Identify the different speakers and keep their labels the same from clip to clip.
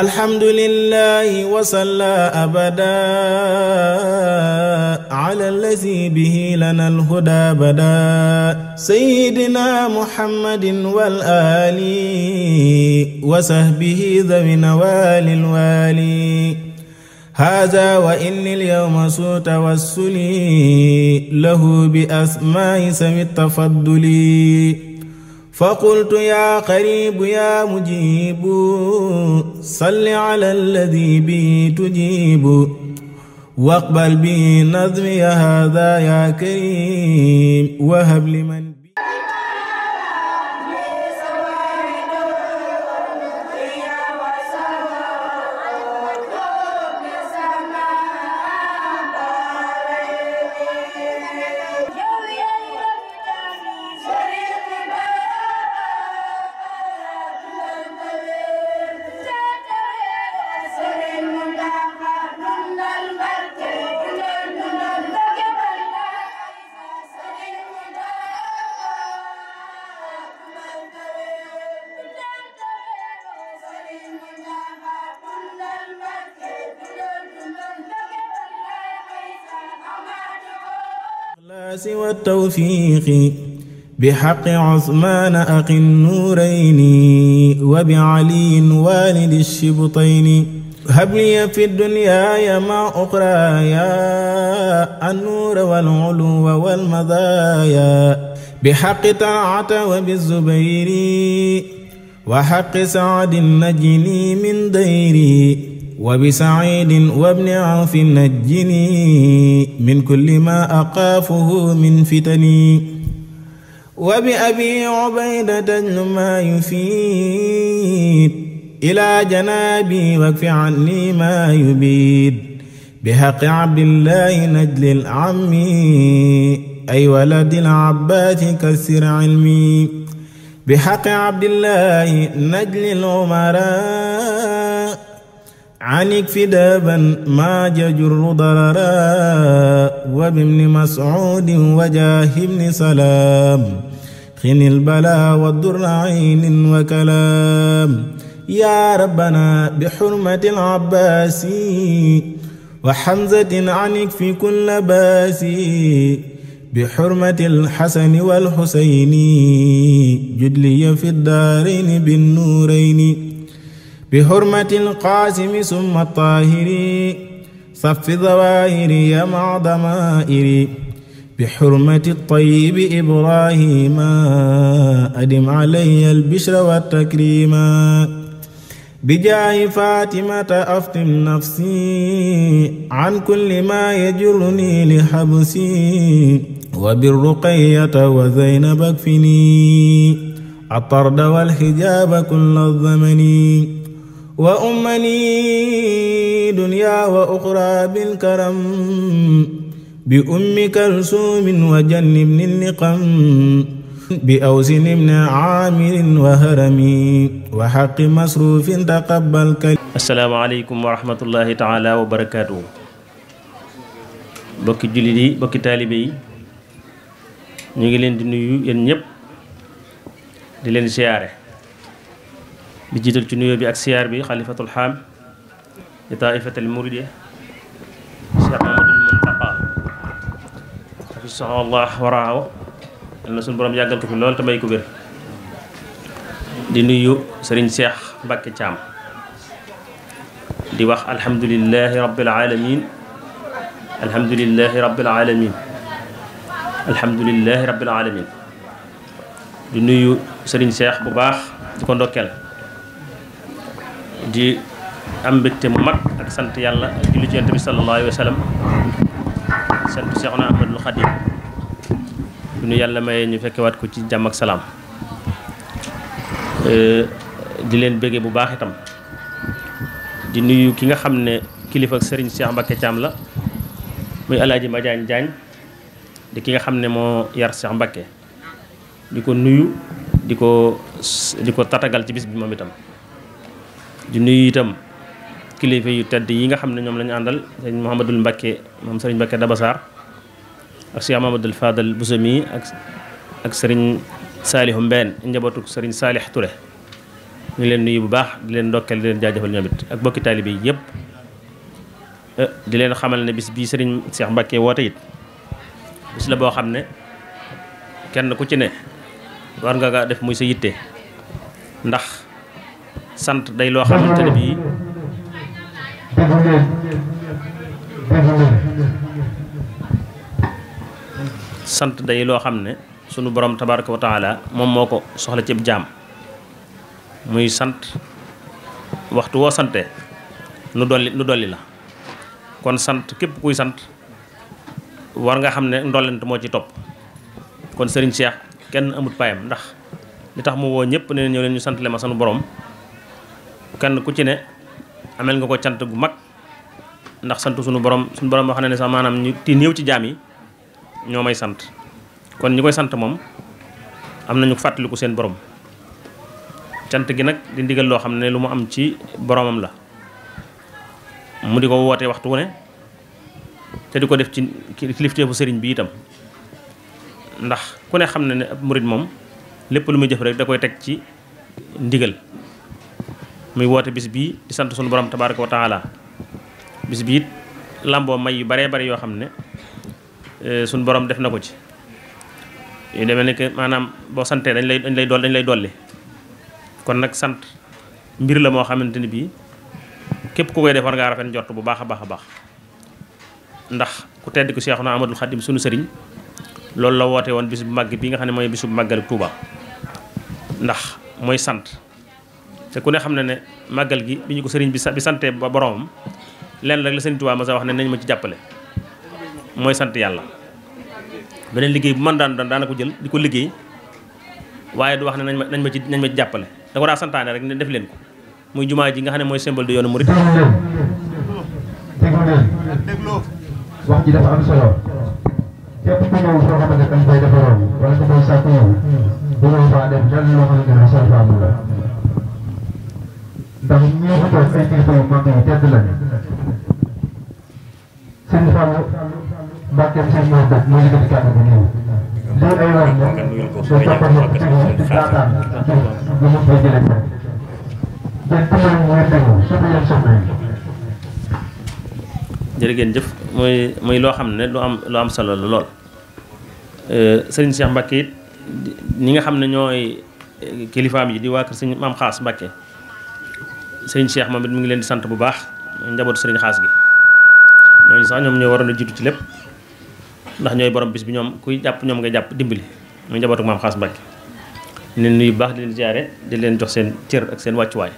Speaker 1: alhamdulillahi wasalla abada ala allazi bihi lana alhuda bada sayyidina muhammadin wal ali wa sahbihi dhawi nawali alwali هذا وإني اليوم سوء توسلي له بأسماء سوي التفضل فقلت يا قريب يا مجيب صل على الذي به تجيب واقبل بنظمي هذا يا كريم وهب لمن والتوفيق بحق عثمان أخي النورين وبعلي والد الشبطين هب لي في الدنيا ما أخرايا النور والعلو والمزايا بحق طاعة وبالزبير وحق سعد النجني من ديري وأبي سعيد وابن عوف نجني من كل ما أخافه من فتني وبأبي عبيدة ما يفيد إلى جنابي واكف عني ما يبيد بحق عبد الله نجل العم أي ولد العباس كسر علمي بحق عبد الله نجل الأمراء anik fi daban maa jajurru darara wa bimni mas'udin wa jaahibni salaam xinil balaa wa durra aynin wa kalaam yaa rabbana bi xurmatil abbaasi wa xamzatin anik fi kulla baasi bi xurmatil xasani wal xusayni judliya fi daarayni bin nuurayni بحرمة القاسم ثم الطاهر صف ظواهري يا مع ضمائري بحرمة الطيب إبراهيم أدم علي البشر والتكريم بجاه فاطمة أفطم نفسي عن كل ما يجرني لحبسي وبالرقية وزينب اكفني الطرد والحجاب كل الزمن وأمني دنيا وأخرى بالكرم بأم كلثوم وجنبني النقم بأوزن بن عامر وهرمي وحق مصروف تقبل كلمة
Speaker 2: السلام عليكم ورحمة الله تعالى وبركاته bokki jullit yi bokki taalibe yi ñu ngi leen di nuyu yéen ñëpp di leen siyaare di jiital ci nuyoo bi ak siyaar bi xalifatul xaam di taifatal muride cheikh mamadul muntaqa xafisahu allah waraaw yal na suñu borom yàggal ko fi loolu te may ko wér di nuyu sëriñ seex mbàkke caam di wax alhamdulilahi rabbil alamin alhamdulilahi rabbil alamin alhamdulilahi rabbil alamin di nuyu sëriñ seex bu baax di ko ndokkeel di am mbégte mu mag ak sant yàlla ak julli ci yonent bi sallallahu alayhi wa sallam sant Seexuna Ahmadul Xadim bu ñu yàlla mayee ñu fekkewaat ko ci jàmm ak salaam eh, di leen bëggee bu baax itam di nuyu ki nga xam ne kilifa sëriñ Cheikh Mbacké Thiam la muy alaaji Madiagne Diagne di ki nga xam ne moo yar Cheikh Mbacké di ko nuyu di ko di ko tatagal ci bis bi moom itam di nuyu itam kilifa yu tedd yi nga xam ne ñoom la àndal sëñ Mouhamadul Mbacke moom sëriñ Mbacke Dabassar ak sëñ Mouhamadul Fadal Bousami ak ak sëriñ Salihu Mbène njabootuk sëriñ Salih Touré ñu leen nuyu bu baax di leen ndokkeel di leen jaajëfal ñoom ak bokki taalibe yi yëpp eh, di leen xamal ne bis bii sëriñ Cheikh Mbacke woote it bis la boo xam ne kenn ku ci ne war nga kaa def muy sa yitte ndax sant day loo sant day loo xam ne sunu borom tabaraka wa moom moo ko soxla ceeb jaam muy sant waxtu woo sante nu dolli nu dolli la kon sant képp kuy sant war nga xam ne ndollent moo ci topp kon sëriñ Cheikh kenn amut payam ndax li tax mu woo ñëpp ne ñëw leen ñu sant le ma sunu borom kenn ku ci ne amel nga ko cant gu mag ndax sant sunu borom suñu borom wax na ne sax maanaam ñu ti néew ci jaam yi ñoo may sant kon ñi koy sant moom am nañu fàttaliku seen borom cant gi nag di ndigal loo xam ne lu mu am ci boromam la mu di ko woote waxtu ne te di ko def ci kilifteefu sëriñ bi itam ndax ku ne xam ne ne ab murit moom lépp lu muy jëf rek da koy teg ci ndigal muy woote bis bii di sant sunu borom tabaaraka wa taala bis bi it lamboo may yu baree bari yoo xam ne eh, sunu borom def na ko ci yu demee ne que maanaam boo santee dañ lay dañ lay dañ lay dolli kon nag sant mbir la moo xamante ni bii képp ku koy def war ngaa rafet njort bu baax a baax a baax ndax ku tedd ku Seexuna Amadul Xadim sunu sëriñ loolu la woote woon bis bu màgg bi nga xam ne mooy bis bu màggal Tuuba ndax mooy sant te ku ne xam na ne màggal gi bi ñu ko sëriñ bi bi sante ba boromam lenn rek la sëriñ Tuubaa ma sa wax ne nañ ma ci jàppale mooy sant yàlla beneen liggéey bu man daan daan a ko jël di ko liggéey waaye du wax ne nañ ma nañ ma ci nañ ma jàppale da daa santaane rek ne def leen ko muy jumaa ji nga xam ne mooy symbole de yoonu murit wax
Speaker 3: ji
Speaker 4: ndax ñoo
Speaker 2: jëf muy muy loo xam ne lu am lu am solo la lool euh, sëriñ Cheikh Mbacke it ñi nga xam ne ñooy eh, kilifaam yi di waa kër sëñ Maam Xaas Mbacke. sëriñ Cheikh moom it mu ngi leen di sant bu baax njabootu sëriñ xaas bi ñooñu sax ñoom ñoo waroon a jiitu ci lépp ndax ñooy borom bi ñoom kuy jàpp ñoom ngay jàpp dimbali muy njabootu maam xaas Mbàkke di leen nuyu bu baax di leen di leen jox seen cër ak seen wàccuwaay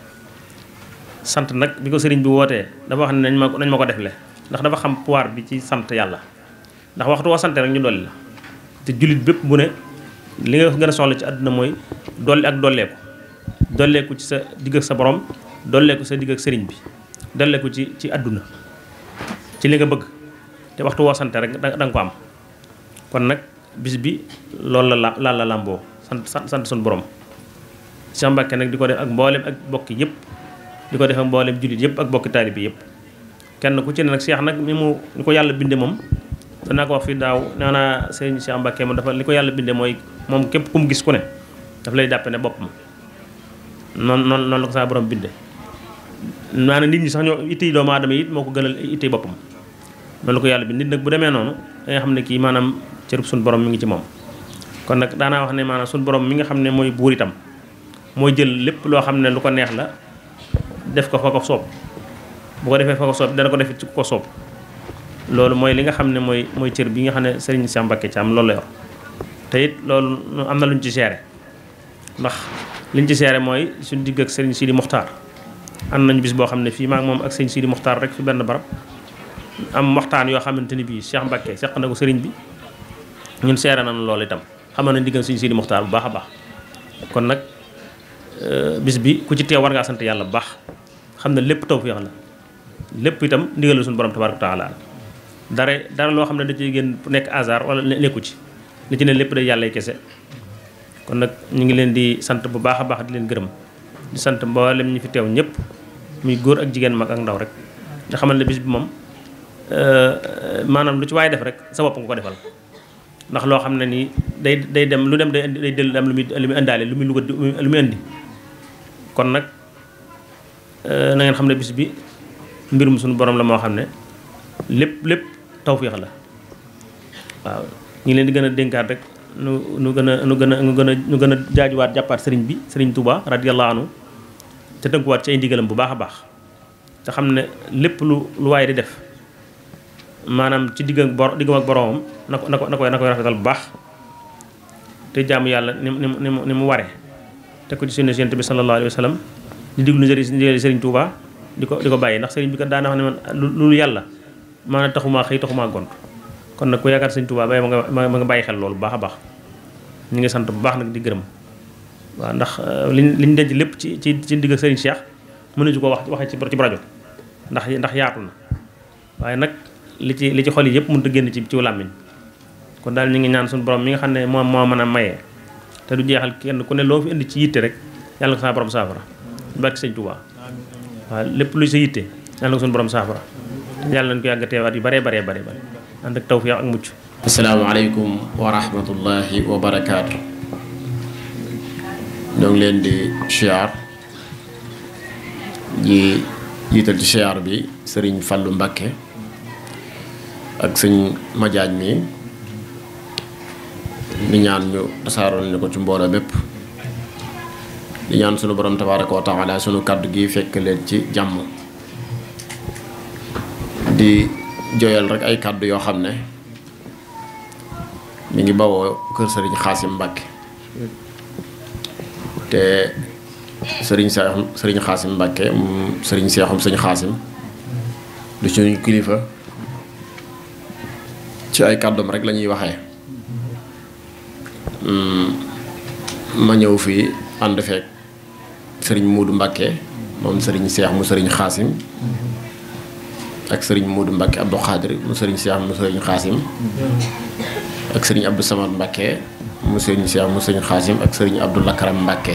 Speaker 2: sant nag bi ko sëriñ bi wootee dafa wax ne nañ ma ko ma ko defle ndax dafa xam pouvoir bi ci sant yàlla ndax waxtu woo sante rek ñu dolli la te jullit bépp bu ne li nga gën a soxla ci àdduna mooy dolli ak dolleeku dolleeku ci sa digg sa borom dollee ko sa digg ak sëriñ bi dollee ko ci ci àdduna ci li nga bëgg te waxtu woo sante rek da ko am kon nag bis bi loolu la la la làmboo sant sant suñu borom Cheikh nag di ko def ak mboolem ak bokki yëpp di ko defee ak mboolem jullit yëpp ak bokki taalibe yëpp kenn ku ci ne nag Cheikh nag mi mu ni ko yàlla binde moom danaa ko wax fii daaw nee naa sëriñ Cheikh Mbacke moom dafa li ko yàlla binde mooy moom képp ku mu gis ku ne daf lay jàppe ne boppam noonu noonu noonu la ko saa borom binde maanaam nit ñi sax ñoo itti doomu aadama it moo ko gënal itti boppam loolu ko yàlla bi nit nag bu demee noonu da nga xam ne kii maanaam cërub suñ borom mi ngi ci moom kon nag daanaa wax ne maanaam suñ borom mi nga xam ne mooy buur itam mooy jël lépp loo xam ne lu ko neex la def ko fa ko soob bu ko defee fa ko soob dana ko def ci ko soob loolu mooy li nga xam ne mooy mooy cër bi nga xam ne Serigne Sam Mbacké Thiam loolu la yor te it loolu am na luñ ci seere ndax liñ ci seere mooy suñ digg ak Serigne Sidi Mokhtar am nañu bis boo xam ne fii maak moom ak sëñ Sidi Muxtaar rek fi benn barab am waxtaan yoo xamante ni bii Cheikh Mbacke seq na ko sëriñ bi ñun seere na loolu itam xamal nañ diggante sëñ Sidi Muxtaar bu baax a baax kon nag euh, bis bi ku ci teew war ngaa sant yàlla bu baax xam ne lépp taw féex la lépp itam ndigal la suñu borom tabaaraka taala dara dara loo xam ne da ciy gën nekk hasard wala nekku ci li ci ne lépp day yàlla kese kon nag ñu ngi leen di sant bu baax a baax di leen gërëm di sant mboolem ñu fi teew ñëpp muy góor ak jigéen mag ak ndaw rek nga xamal ne bis bi moom euh, maanaam lu ci waaye def rek sa bopp nga ko defal ndax loo xam ne nii day day dem lu dem day day dellu am lu muy lu muy lu muy lugat lu muy indi kon nag euh, na xam ne bis bi mbirum suñu borom la moo xam ne lépp lépp taw tawféex la waaw ñu ngi leen di gën a dénkaat rek nu nu gën a nu gën a nu gën a nu gën a jaajuwaat jàppaat sëriñ bi sëriñ Touba radiyallahu anhu te tënkuwaat ci ay ndigalam bu baax a baax te xam ne lépp lu lu waaye di def maanaam ci digg bor diggam ak boromam na ko na ko na koy na koy rafetal bu baax te jaamu yàlla ni mu ni mu ni mu waree te ko ci sunna Yonent bi sallallahu alayhi wa sallam di diglu njëriñ sëriñ Touba di ko di ko bàyyi ndax sëriñ bi ko daana ne man lu yàlla maanaam taxumaa xëy taxumaa gont kon nag ku yaakaar sëñ tubaa bay ma nga ma nga bàyyi xel loolu bu baax a baax ñu ngi sant bu baax nag di gërëm waaw ndax euh, li liñ denc lépp ci ci ci digg sëriñ Cheikh mënuñu ko wax waxee ci ci rajo ndax ndax yaatu na waaye nag li ci li ci xol yi yëpp mënut a génn ci ci làmmiñ kon daal ñu ngi ñaan suñu borom mi nga xam ne moom moo mën a maye te du jeexal kenn ku ne loo fi indi ci yitte rek yàlla ko sa borom saafara barke sëñ Tuubaa waaw lépp lu sa yitte yàlla ko suñu borom saafara yàlla nañ ko yàgg teewaat yu baree baree bare bare ànd ak tawfiq ak mucc.
Speaker 5: asalaamaaleykum wa rahmatullahi wa ñoo ngi leen di siyaar di jiital ci siyaar bi sëriñ Fallou Mbakke ak sëñ Madiagne mi li ñaan ñu tasaaroon ñu ko ci mbooloo bépp di ñaan sunu borom tabaaraka wa sunu kàddu gi fekk leen ci jàmm di. joyal rek ay kàddu yoo xam ne mu ngi bawoo kër sëriñ Xaasim Mbàkke te sëriñ seexum sëriñ Xaasim Mbàkke mu sëriñ sëñ Xaasim du suñu kilifa ci ay kàddoom rek lañuy waxee mm, ma ñëw fii ànd feek sëriñ Muudu Mbàkke moom sëriñ seex mu sëriñ Xaasim ak sëriñ Modou Mbacke Abdou Khadir mu sëriñ Cheikh mu sëriñ Xaasim ak sëriñ Abdou Samad Mbacke mu sëriñ Cheikh mu sëriñ Xaasim ak sëriñ Abdou Lakaram Mbacke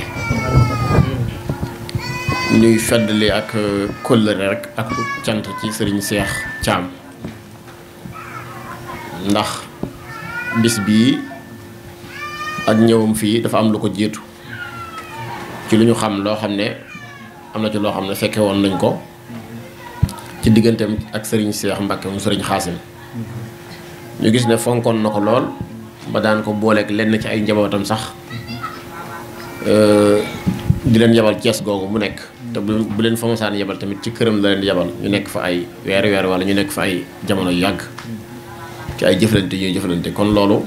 Speaker 5: ñuy feddali ak euh, kóllëre rek ak cant ci sëriñ seex Thiam ndax bis bii ak ñëwam fii dafa am lu ko jiitu ci lu ñu xam loo xam ne am na ci loo xam ne fekke woon nañ ko ci digganteem ak sëriñ Seex Mbàkke mu sëriñ Xaasim ñu gis ne fonkon na ko lool ba daan ko booleek lenn ci ay njabootam sax euh, di leen yabal Cees googu mu nekk te bu bu leen fa masaan yabal tamit ci këram la leen yabal ñu nekk fa ay weer weer wala ñu nekk fa ay jamono yu yàgg ci ay jëflante ñuy jëflante kon loolu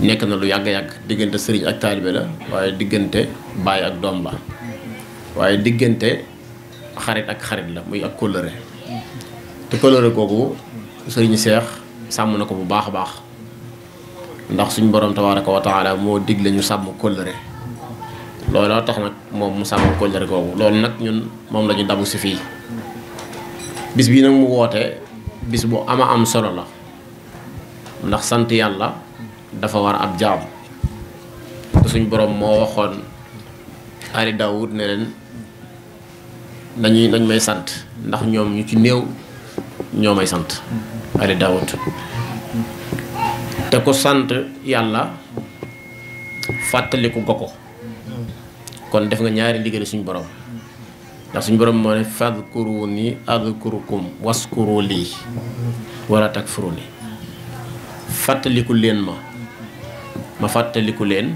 Speaker 5: nekk na lu yàgg-yàgg diggante sëriñ ak taalibe la waaye diggante baay ak doom la waaye diggante xarit ak xarit la muy ak kóllëre te kóllëre googu sëriñ seex sàmm na ko bu baax a baax ndax suñ borom tabaaraka wa taala moo digle ñu sàmm kóllëre looloo tax nag moom mu sàmm kóllëre googu loolu nag ñun moom la ñu dabu si fii bis bii nag mu woote bis bu ama am solo la ndax sant yàlla dafa war ab jaam te suñ borom moo waxoon ali daawud ne nañuy nañ may sant ndax ñoom ñu ci néew ñoo may sant ali daawut te ko sant yàlla fàttaliku nga ko kon def nga ñaari liggéey suñu borom ndax suñu borom moo ne fadkuruni was waskuru lii wala takfuruni fàttaliku leen ma ma fàttaliku leen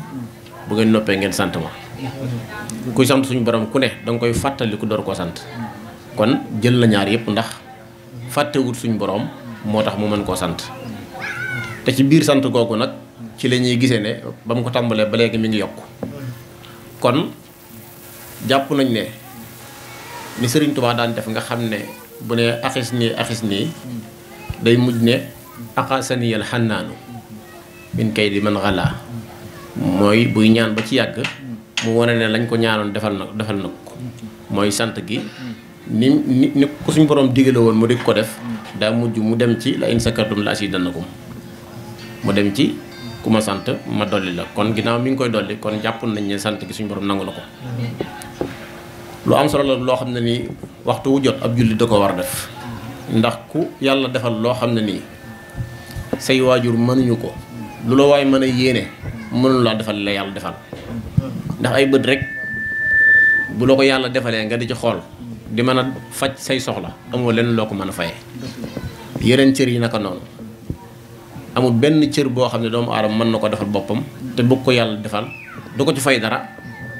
Speaker 5: bu ngeen noppee ngeen sant ma kuy sant suñu borom ku ne danga koy fàttali ku door koo sant kon jël la ñaar yépp ndax fàttewut suñu boroom moo tax mu mën koo sant te ci biir sant googu nag ci la ñuy gisee ne ba mu ko tàmbalee ba léegi mi ngi yokk kon jàpp nañ ne ni Sëriñ Tuubaa daan def nga xam ne bu ne axis nii axis nii day mujj ne aqasaniyal xannaanu min kay di man xalaa mooy buy ñaan ba ci yàgg mu wane ne lañ ko ñaanoon defal na defal na ko mooy sant gi ni ni ni ko suñ borom digale woon mu dik ko def daa mujj mu dem ci la in sakartum la azidannakum mu dem ci ku ma sant ma dolli la kon ginnaaw mi ngi koy dolli kon jàpp nañ ne sant gi suñ borom na ko lu am solo la loo xam ne nii waxtu wu jot ab julli da ko war a def ndax ku yàlla defal loo xam ne nii say waajur mënuñu ko lu la waay mën a yéene mënu laa defal la yàlla defal ndax ay bët rek bu loo ko yàlla defalee nga di ci xool di mën a faj say soxla amoo lenn loo ko mën a fayee yeneen cër yi naka noonu amul benn cër boo xam ne doomu aadama mën na ko defal boppam te bëgg ko yàlla defal du ko ci fay dara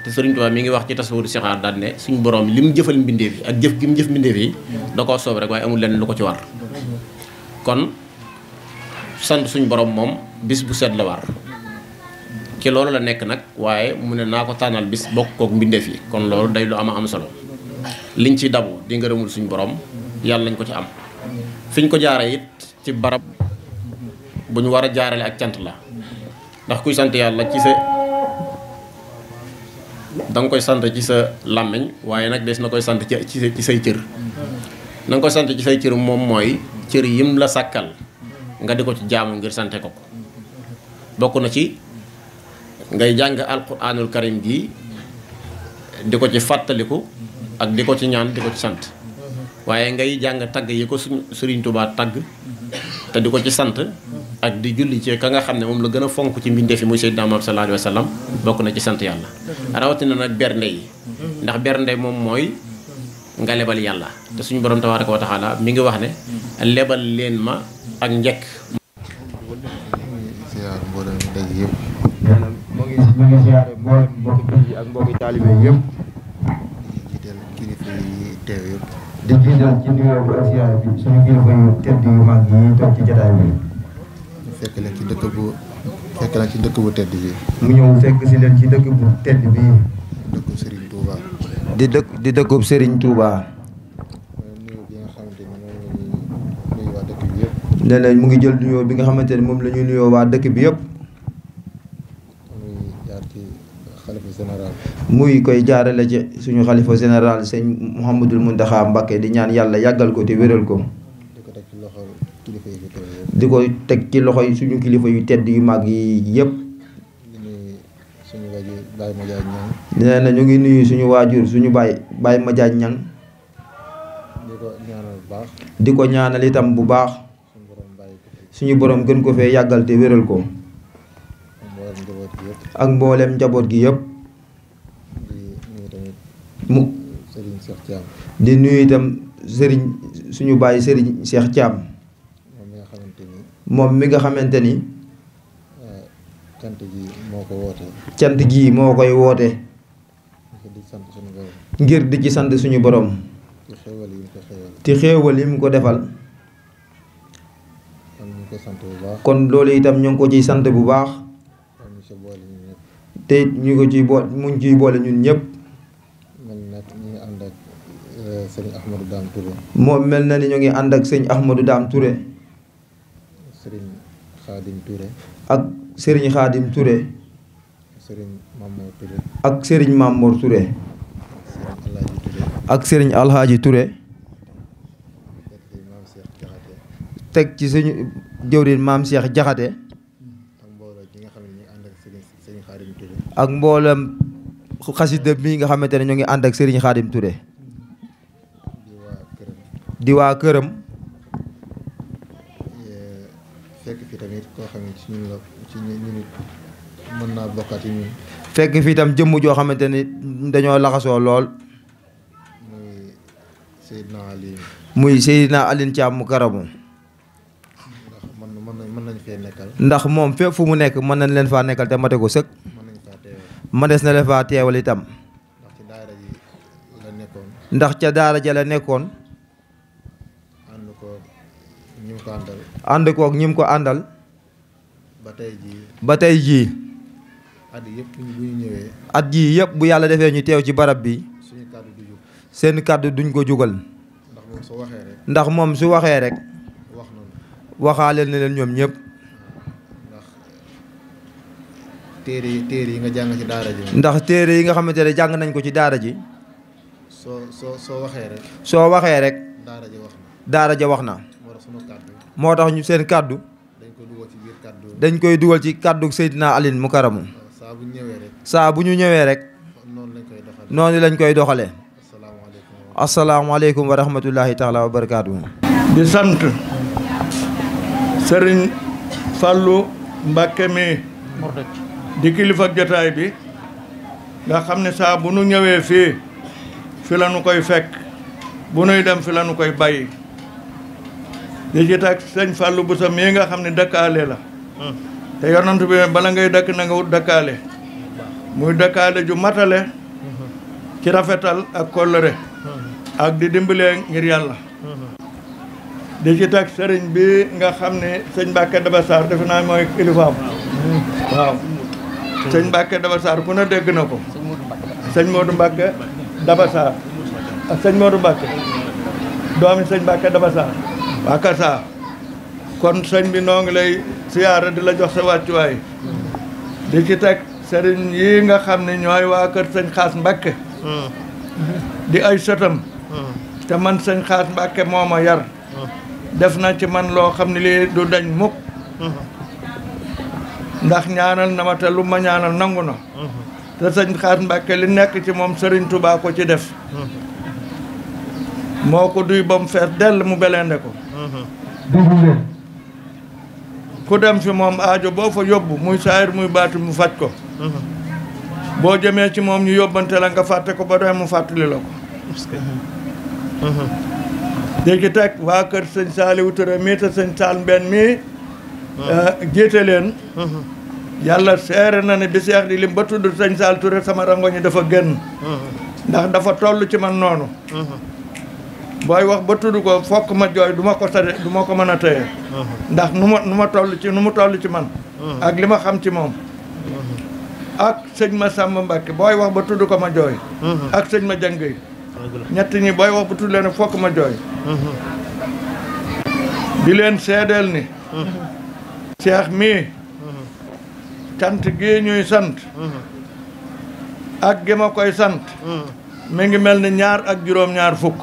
Speaker 5: te Sëriñ Tuubaa mi ngi wax ci tasawuru sixaar daan ne suñu borom li mu jëfal mbindeef yi ak jëf gi mu jëf mbindeef yi da koo soob rek waaye amul lenn lu ko ci war kon sant suñu borom moom bis bu set la war ci loolu la nekk nag waaye mu ne naa ko tànnal bis bokk kook mbindeef yi kon loolu day lu ama am solo liñ ci dabu di nga ngërëmul suñu borom yàlla nañ ko ci am fiñ ko jaare it ci barab bu ñu war a jaarale ak cant la ndax kuy sant yàlla ci sa danga koy sant ci sa làmmiñ waaye nag des na koy sant ci ci say cër na nga koy sant ci say cër moom mooy cër yim la sàkkal nga di ko ci jaamu ngir sante ko ko bokk na ci ngay jàng alquranul karim gii di ko ci fàttaliku ak di ko ci ñaan di ko ci sant waaye ngay jàng tagg yi ko suñ Sëriñ Tuubaa tagg te di ko ci sant ak di julli ci ka nga xam ne moom la gën a fonk ci mbindeef yi muy Seydina Muhammad sallallahu alayhi wa sallam bokk na ci sant yàlla rawatina nag bernde yi ndax bernde moom mooy nga lebal yàlla te suñu borom tabaaraka wa taala mi ngi wax ne lebal leen ma ak njekk ziar
Speaker 3: ngi ziare mboolem mbokki jullit yi ak mbokki taalibe yëpp. di jiital kilifa yi teew yëpp. di jiital ci nuyoo bu ak ziare bi suñu kilifa yu tedd yu mag yi toog ci jotaay bi. fekk leen ci dëkk bu fekk leen ci dëkk bu tedd bi. mu ñëw fekk si leen ci dëkk bu tedd bi. dëkku Serigne Touba. di dëkk di dëkkub Serigne Touba. nee na mu ngi jël nuyoo bi nga xamante ne moom la ñuy nuyoo waa dëkk bi yëpp. muy koy jaarale ci suñu xalifa général sëñ mu Mountakha Mbacké di ñaan yàlla yàggal ko te wéral ko. di ko teg ci loxo suñu kilifa yu tedd yu mag yi yëpp. nee na ñu ngi nuyu suñu waajur suñu baay baay Madiagne Niang. di ko ñaanal itam bu baax. suñu borom gën ko fee yàggal te wéral ko. ak mboolem njaboot gi yëpp. mu di nuyu itam sëriñ suñu bàyyi sëriñ Cheikh Thiam. moom mi nga xamante ni. Eh, cant gi moo koy woote. gi moo koy woote. ngir di ci sant suñu borom. ci xéewal yi mu ko defal. kon loolu itam ñu ngi ko ciy sant bu baax. te ñu ko ciy boole mu ciy boole ñun ñëpp. man euh, moom mel na ni ñu ngi ànd ak sëñ Ahmadou Dame Touré. sëriñ ak sëriñ Xaadim Touré. sëriñ Mamour Touré. ak sëriñ Mamour ture ak sëriñ alxaaji Touré. teg ci suñu jëwriñ maam Cheikh Jaxate ak mboolem xasida mi nga xamante ne ñu ngi ànd ak Serigne Khadim Touré di waa këram fekk fi tamit koo xam la mën naa bokkaat fekk fi tam jëmm joo xamante ni dañoo laxasoo lool muy Seydina Alioune muy Seydina Alioune Thiam mu karamu ndax mën nañ fee nekkal ndax moom fépp fu mu nekk mën nañ leen faa nekkal te mate ko sëkk ma des na la faa teewal itam ndax ca daara ja la nekkoon ànd koog ñi mu ko àndal ba tey jii ba tey jii at yëpp bu yëpp bu yàlla defee ñu teew ci barab bi seen kàddu duñ ko jugal ndax moom su waxee rek waxaale na leen ñoom ñépp téere téere yi nga jàng daara ji. ndax téere yi nga xamante ne jàng nañ ko ci daara ji. soo soo waxee rek. soo waxee rek. daara ja wax na. daara ja wax moo tax ñu seen kàddu. dañ koy dugal ci biir kàddu. dañ koy dugal ci kàddu Seydina Alioune mu karamu. saa bu ñu ñëwee rek. saa bu ñu ñëwee rek. noonu lañ koy doxalee. noonu lañ koy doxalee. asalaamaaleykum wa rahmatulahi taala wa barakaatu. di sant
Speaker 6: Serigne Fallou Mbacké mi. di kilifa jotaay bi nga xam ne saa bu nu ñëwee fii fi la nu koy fekk bu nuy dem fi koy bàyyi di ci tag sëñ Fallou Bousso mii nga xam ne dëkkaale la te yonant bi bala ngay dëkk na nga wut dëkkaale muy dëkkaale ju matale ci rafetal ak kóllëre ak di dimbalee ngir yàlla di ci tag sëriñ bi nga xam ne sëñ Mbàkke Daba defe naa mooy kilifaam waaw sëñ Mbacke Dabassar ku ne dégg na ko. sëñ Modou Mbacke Dabassar ah, sëñ Modou Mbacke doomi sëñ Mbacke Dabassar waa Kasa kon sëñ bi noo ngi lay siyaara di la jox sa wàccuwaay di ci teg sëriñ yi nga xam ne ñooy waa kër sëñ Xaas Mbacke di ay sëtam te man sëñ Xaas Mbacke moo ma yar def na ci man loo xam ne lii du dañ mukk ndax ñaanal na ma te lu ma ñaanal nangu na te sëñ Xaas Mbàkke li nekk ci moom Sëriñ Tuubaa ko ci def moo ko duy ba mu fees dell mu belende ko ku dem fi moom aajo boo fa yóbbu muy saayir muy baati mu faj ko boo jëmee ci moom ñu yóbbante la nga fàtte ko ba doy mu fàttali la ko léegi teg waa kër sëñ Saaliwu Ture mii te sëñ Saal Mbenn mii Euh, géete leen yàlla seere na ne bi di lim ba tudd sëñ Saal Touré sama rangoñu dafa génn ndax dafa toll ci man noonu booy wax ba tudd ko fokk ma jooy duma ko sare du ma ko mën a téye ndax nu ma nu ma toll ci nu mu toll ci man ak li ma xam ci moom ak sëñ ma sàmm Mbàkke booy wax ba tudd ko ma jooy ak sëñ ma jàng yi ñett ñi booy wax ba tudd leen fokk ma jooy di leen seedeel ni seex mii cant gii sant ak gi ma koy sant mi ngi mel ni ñaar ak juróom-ñaar fukk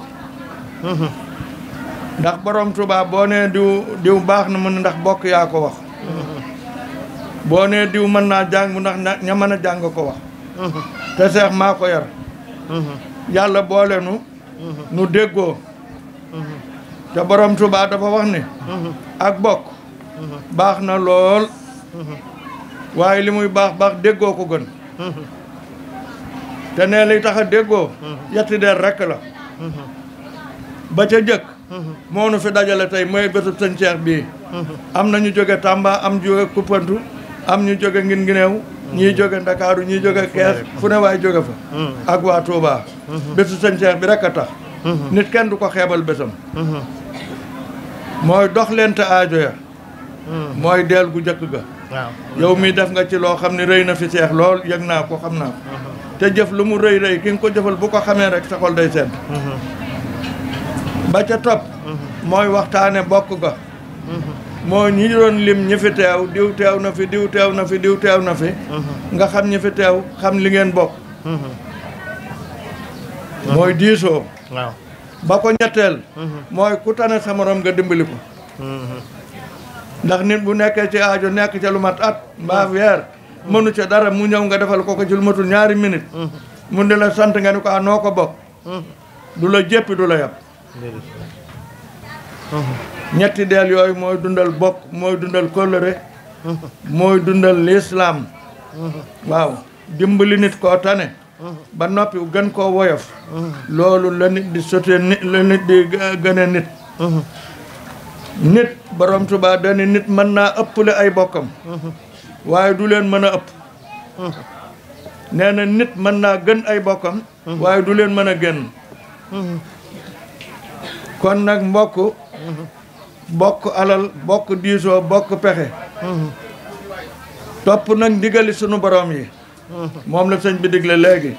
Speaker 6: ndax borom Tuubaa boo nee diw diw baax na mu ne ndax bokk yaa ko wax boo nee diw mën naa jàng mu ndax ña mën a jàng ko wax te seex maa ko yar yàlla boole nu nu déggoo te borom Tuubaa dafa wax ni ak bokk baax na lool waaye li muy baax baax déggoo ko gën te nee li tax a déggoo yetti der rekk la ba ca jëkk moo nu fi dajale tey mooy bésu sëñ Cheikh bii am na ñu jóge Tamba am jóge Kuppantu am ñu jóge ngin ngineew ñii jóge Ndakaaru ñii jóge Kees fu ne waay jóge fa ak waa Touba bésu sëñ bi rek a tax nit kenn du ko xeebal bésam mooy dox leente aajo ya mooy deel gu njëkk ga yow mi def nga ci loo xam ne rëy na fi seex lool yëg naa ko xam naa ko uh-huh. te jëf lu mu rëy rëy ki ko jëfal bu ko xamee rek sa xol day sedd uh-huh. ba ca topp uh-huh. mooy waxtaane bokk ga moo ñi doon lim ñi fi teew diw teew na fi diw teew na fi diw teew na fi nga xam ñi fi teew xam li ngeen bokk mooy diisoo waaw ba ko ñetteel mooy ku tane sa moroom nga dimbali ko ndax nit bu nekkee ci aajo nekk ca lu mat at mbaa weer mënu dara mu ñëw nga defal ko ko ci lu matul ñaari minute mm-hmm. mu di la sant nga ni ko ah, noo ko bokk mm-hmm. du la jéppi du la yab
Speaker 4: mm-hmm.
Speaker 6: ñetti deel yooyu mooy dundal bokk mooy dundal kóllëre mooy dundal lislaam waaw dimbali nit koo tane ba noppi gën koo woyof loolu la nit di sotee la nit di gëne nit nit borom Tuubaa dani nit mën naa ëpple ay bokkam waaye du leen mën a ëpp nee na nit mën naa gën ay bokkam waaye du leen mën a génn kon nag mbokk bokk alal bokk diisoo bokk pexe topp nag ndigali sunu borom yi moom la sëñ bi digle léegi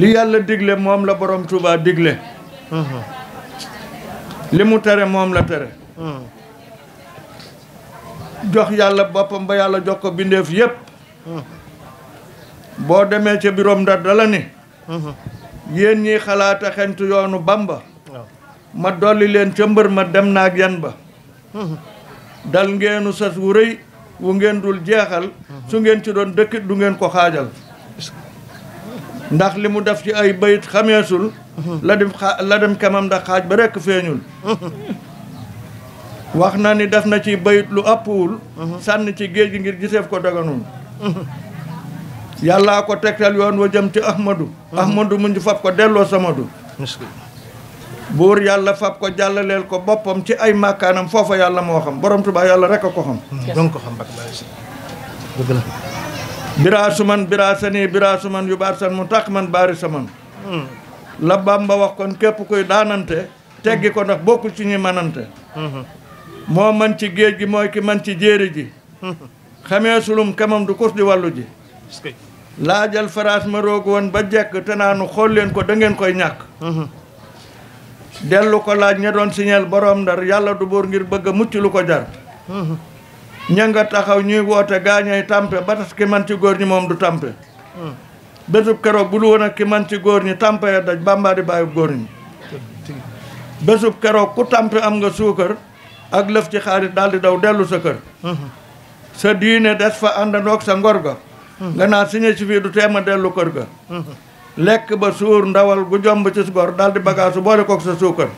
Speaker 6: li yàlla digle moom la borom Tuubaa digle li mu tere moom la tere jox yàlla boppam ba yàlla jox ko bindeef yépp boo demee ca biroom ndar dala ni yéen ñiy xalaata xent yoonu bamba ma dolli leen ca mbër ma dem naag yan ba dal ngeenu sas wu rëy wu ngeen dul jeexal su ngeen ci doon dëkk du ngeen ko xaajal ndax li mu def ci ay bayit xameesul la dem la dem kemam xaaj ba rekk feeñul wax na ni def na ci bayit lu ëppwul sànn ci géej gi ngir giseef ko daganul yàllaa ko tegtal yoon wa jëm ci ahmadu ahmadu mu ngi fab ko delloo sama du buur yàlla fab ko jàllaleel ko boppam ci ay màkkaanam foofa yàlla moo xam borom Tuubaa yàlla rekk a ko xam donc ko xam dëgg la biraa suman biraa sani biraa yu baat san mu taq man baari saman hmm. la Bamba wax kon képp kuy daanante teggi ko ndax bokkul ci ñi manante moo man ci géej gi mooy ki man ci jéeri ji xamee sulum kamam du kus di wàllu ji laajal faraas ma roogu woon ba jekk te naanu xool leen ko dangeen koy ñàkk dellu ko laaj ña doon signal borom ndar yàlla du buur ngir bëgg a mucc lu ko jar ña nga taxaw ñuy woote gaañay tampe ba tas ki man ci góor ñi moom du tampe bésub keroog bu lu woon ki man ci góor ñi tàmpaya daj bàmba di bàyyi góor ñi bésub keroog ku tàmpi am nga suukar ak lëf ci xaalis daal di daw dellu sa kër sa diine des fa àndandoog sa ngor ga nga naa siñe si fii du teema dellu kër ga lekk ba suur ndawal gu jomb ci gor daal di bagaasu boole kook sa suukar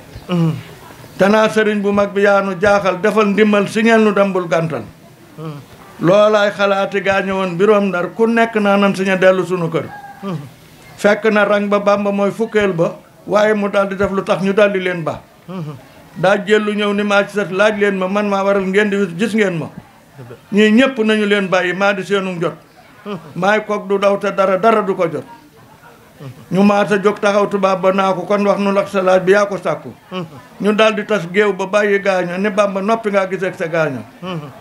Speaker 6: te naa sëriñ bu mag bi yaanu jaaxal defal ndimmal siñeel nu dembul gàntal loolaay xalaati gaa ñëwoon biroom ndar ku nekk naa nan suñu dellu suñu kër fekk na rang ba bamba mooy fukkeel ba waaye mu daal di def lu tax ñu daal di leen ba daa lu ñëw ni maa ci sat laaj leen ma man maa waral ngeen di gis ngeen ma ñii ñëpp nañu leen bàyyi maa di seenu jot maay koog du daw te dara dara du ko jot ñu maasa jóg taxaw tubaab ba naa ko kon wax nu lax salaaj bi yaa ko sàkku ñu daal di tas géew ba bàyyi gaaña ne bamba noppi ngaa gis sa gaaña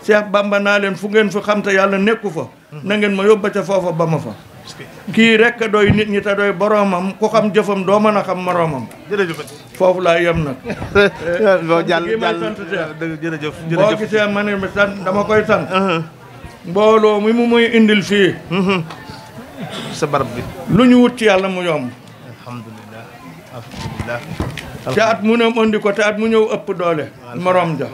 Speaker 6: seex bamba naa leen fu ngeen fi xam te yàlla nekku fa na ngeen ma yóbba ca foofa ba ma fa kii rek a doy nit ñi te doy boroomam ku xam jëfam doo mën a xam moroomam. jërëjëf foofu laa yem nag. boo jàll jàll jërëjëf jërëjëf boo gisee ma ne sant dama koy sant. Uh-huh. mbooloo mi mu muy indil fii. Uh-huh. sa lu ñu wut ci yàlla mu yomb.
Speaker 1: alhamdulilah alhamdulilah.
Speaker 6: te at mu ne andi ko te mu ñëw ëpp doole. morom ja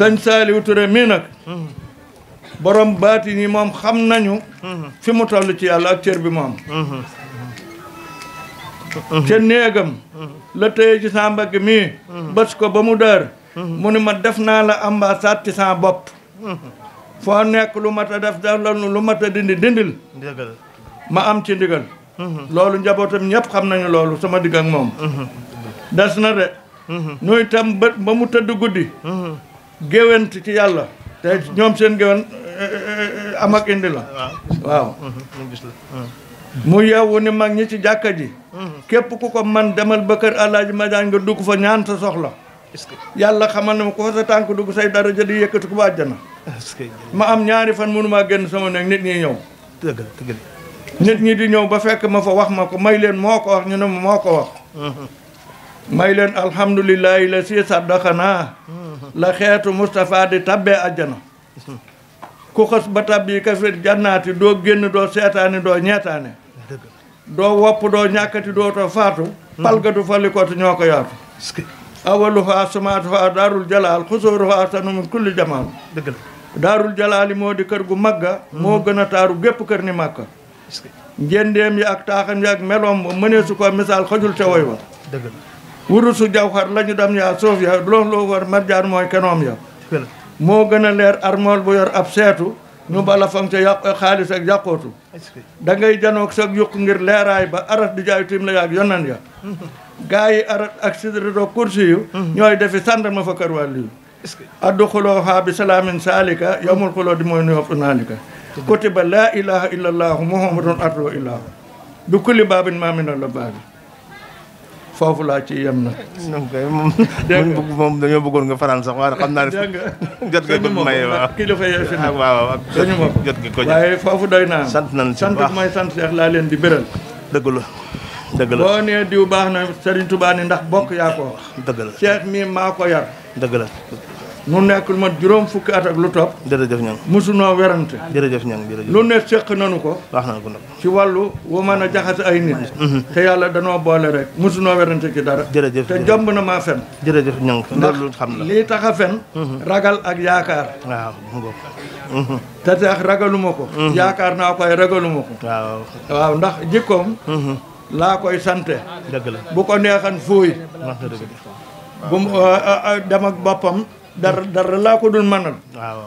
Speaker 6: sëñ Saliou mii nag. Hmm. borom baati ni moom xam nañu. Hmm. fi mu toll ci yàlla ak cër bi moom. Hmm. ca néegam. la tëye ci sa mbagg mii. bës ko ba mu dër. mu ni ma def naa la ambassade ci sa bopp. foo nekk lu mat a def def lu mat a dindi dindil ma am ci ndigal mhm. loolu njabootam ñëpp xam nañu loolu sama digg moom mhm. des na de mhm. nuy tam ba mu tëdd guddi géwént ci yàlla te ñoom seen géwén
Speaker 4: eh, eh,
Speaker 6: eh, am indi la waaw mu yeewu ni mag ñi ci jàkka ji képp ku ko man demal ba kër alaaji Madiagne nga dugg fa ñaanta sa soxla yàlla xamal na ma ko sa tànk dugg say dara ja di yëkkati ko ba àjjana ma am ñaari fan mënumaa génn sama nekk nit ñi ñëw nit ñi di ñëw ba fekk ma fa wax ma ko may leen moo ko wax ñu ne ma moo ko wax mhm. may leen alhamdulilahi la si saddaxanaa mhm. la xeetu Moustapha di tabbee àjjana mhm. ku xës ba tabbi ka fi jannaati doo génn doo seetaani doo ñeetaane doo wopp doo ñàkkati doo to faatu palgatu fa likooti ñoo ko yaatu awaluha samaatuha daarul jalaal xusóoruha sanu min kulli jamaal dëgg la daarul jalaali moo di kër gu magga moo gën a taaru gépp kër ni màkka njëndeem yi ak taaxam yi ak meloom ba mënee su ko misaal xajul te woy wa dëgg la wurusu jawxar la ñu dam yaa soof ya loolu loo war marjaan mooy kenoom ya moo gën a leer armool bu yor ab seetu ñu bala fan ca yàq xaalis ak yàqootu da ngay sag yuq ngir leeraay ba aras di jaay tiim la yaag yonan ya gaa yi arat ak sidratoo kursi yu mhm. ñooy defi sandarma fa kër wàllu yu addu xuloo xaa bi salaamin saalika yawmul xuloo di mooy nuyof naalika kutiba laa ilaha illa allaahu muhammadun ardo illahu bi kulli baabin maamina la baabi foofu laa ci yem na dégg nga moom dañoo bëggoon nga faral sax waaye xam naa ne jot nga ko maye waaw kilifa yee fi ah, waaw waaw dañu ma ko waaye foofu doy naa sant nañ sant mooy sant seex laa leen di béral dëgg la dëgg la boo nee diw baax na Serigne Touba ni ndax bokk yaa ko wax. dëgg la maa ko yar. la. nu nekk ma mat juróom fukki at ak lu topp. jërëjëf ñang noo werante. jërëjëf ñang jërëjëf lu ne séq nanu ko. baax na ko nag ci wàllu wu mën a jaxase ay nit. Mm-hmm. te yàlla danoo boole rek. mosunoo werante ci dara. jërëjëf te jomb na maa fen. jërëjëf ñang loolu xam la ndax lii tax a fen. Mm-hmm. ragal ak yaakaar. Mm-hmm. te tax ragaluma ko. yaakaar naa koy ragaluma ko. waaw ndax jikkoom. laa koy sante dëgg la bu ko neexan fooy bu dem ak boppam dara dara laa ko dul mënal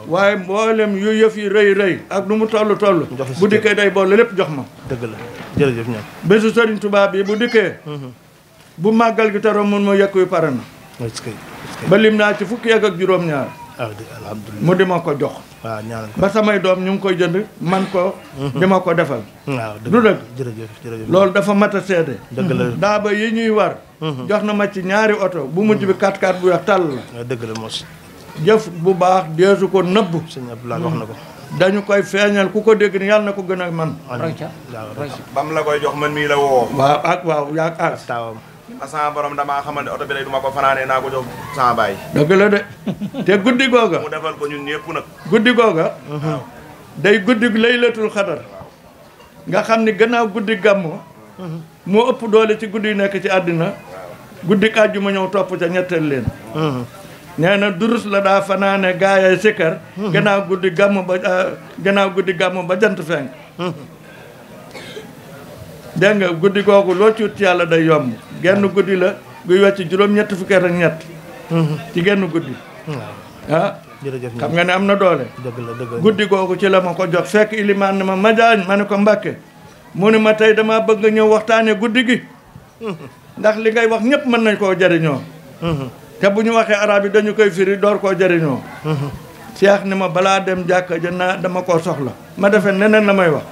Speaker 6: waaye mboolem yu yëf yi rëy rëy ak nu mu toll toll bu dikkee day boole lépp jox ma dëgg la jërëjëf ñaan bésu sëriñ Tuubaa bi bu dikkee mhm. bu màggal gi tara mun ma yekk yu pare na ba lim naa ci fukki yegg ak juróom-ñaar mu di ma ko jox. waaw ba samay doom ñu ngi koy jënd man ko. di ma ko defal.
Speaker 1: waaw du dëgg jërëjëf jërëjëf
Speaker 6: loolu dafa mat a seede. dëgg la daaba yi ñuy war. jox na ma ci ñaari oto bu mujj bi 4 x bu weex tàll la. dëgg jëf bu baax deesu ko nëbb. sëñ Abdoulaye wax na ko. dañu koy feeñal ku ko dégg ni yàlla na ko gën a man bam la koy jox man mii la woo. waaw ak waaw yaa ak. a sama borom damaa xamal oto bi day duma ko fanaanee ko jox sama la de te guddi googa mu nag guddi googa day guddi laylatul xadar nga xam ni gannaaw guddi gàmmu moo ëpp doole ci guddi nekk ci àddina guddi àjjuma ñëw topp ca ñetteel leen nee durus la daa fanaane gaayay sikkar gannaaw guddi gàmmu ba ah, gannaaw guddi gàmmu ba jant fenk dégg nga guddi googu loo ci yàlla day yomb genn guddi la guy wàcc juróom-ñett fukki at ak ñett mhm. ci genn guddi ah xam nga ne am na doole guddi googu ci la ma ko jox fekk ilimaan ne ma majaañ ma ne ko mbàkke mu ne ma tey dama bëgg nga ñëw waxtaane guddi gi hmm. ndax li ngay wax ñëpp mën nañ koo jariñoo hmm. te bu ñu waxee arab yi dañu koy firi door koo jariñoo seex ni ma balaa dem jàkka ja naa dama koo soxla ma defee neneen la may wax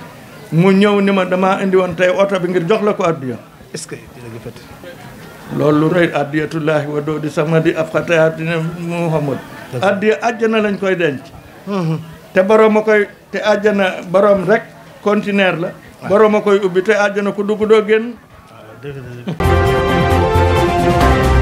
Speaker 6: mu ñëw ni ma damaa indi woon tey oto bi ngir jox la ko addiya loolu lu rëy addiyatullaahi wa doodi sama di af xataatina muhammad addiya àjjana lañ koy denc mhm. te borom a koy te àjjana borom rek conteneur la borom a koy ubbi te àjjana ku dugg doo génn